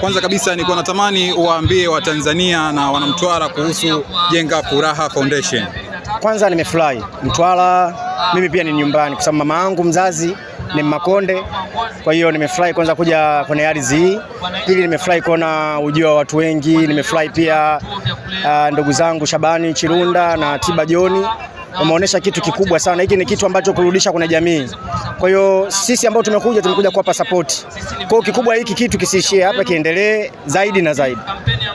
Kwanza kabisa nilikuwa natamani uwaambie Watanzania na wanamtwara kuhusu Jenga Furaha Foundation. Kwanza nimefurahi Mtwara, mimi pia ni nyumbani, kwa sababu mama yangu mzazi ni Makonde. Kwa hiyo nimefurahi kwanza kuja kwenye ardhi hii, pili nimefurahi kuona ujio wa watu wengi. Nimefurahi pia uh, ndugu zangu Shabani Chirunda na Tiba Joni wameonyesha kitu kikubwa sana. Hiki ni kitu ambacho kurudisha kwenye jamii. Kwa hiyo sisi ambao tumekuja tumekuja kuwapa support kwa kikubwa hiki kitu kisiishie hapa, kiendelee zaidi na zaidi.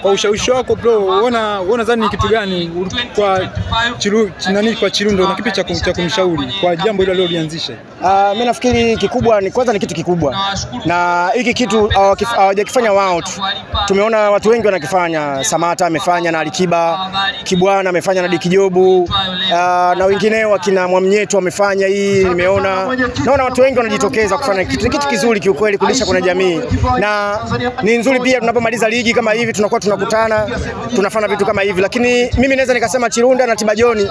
Kwa ushawishi wako bro, uona uona zani ni kitu gani kwa Chiru nani kwa Chirundo na kipi cha kumshauri kwa jambo hilo alilolianzisha? Uh, ah, mimi nafikiri kikubwa ni kwanza ni kitu kikubwa, na hiki kitu hawajakifanya wao tu, tumeona watu wengi wanakifanya. Samata amefanya na Alikiba, Kibwana amefanya na Dikijobu uh, ah, na wengineo wakina Mwamnyeto amefanya hii, nimeona naona watu wengi wanajitokeza kufanya kitu, kitu kizuri kiukweli, kulisha kuna jamii na ni nzuri pia. Tunapomaliza ligi kama hivi tunakuwa tuna tunakutana tunafanya vitu kama hivi, lakini mimi naweza nikasema Chirunda na Tibajoni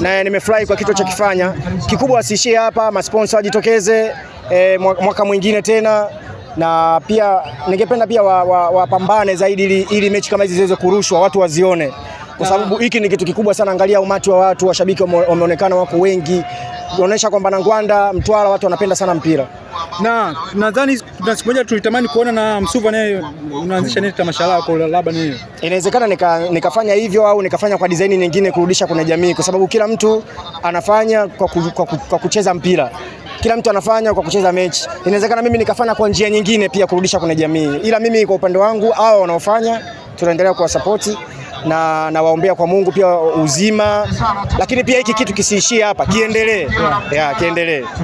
na nimefurahi kwa kitu kifanya kikubwa. Asiishie hapa, masponsa wajitokeze e, mwaka mwingine tena na pia ningependa pia wapambane wa, wa zaidi ili, ili mechi kama hizi ziweze kurushwa watu wazione, kwa sababu hiki ni kitu kikubwa sana. Angalia umati wa watu, washabiki wameonekana wako wengi, kuonesha kwamba Nangwanda, Mtwara watu wanapenda sana mpira na nadhani kuna siku moja tulitamani kuona na Msuva naye unaanzisha nini tamasha lako labda nini? Inawezekana nika, nikafanya hivyo au nikafanya kwa design nyingine kurudisha kwenye jamii, kwa sababu kila mtu anafanya kwa, ku, kwa, ku, kwa kucheza mpira kila mtu anafanya kwa kucheza mechi. Inawezekana mimi nikafanya kwa njia nyingine pia kurudisha kwenye jamii, ila mimi kwa upande wangu hao wanaofanya tunaendelea kuwasapoti na nawaombea kwa Mungu pia uzima, lakini pia hiki kitu kisiishie hapa, kiendelee yeah. yeah, kiendelee.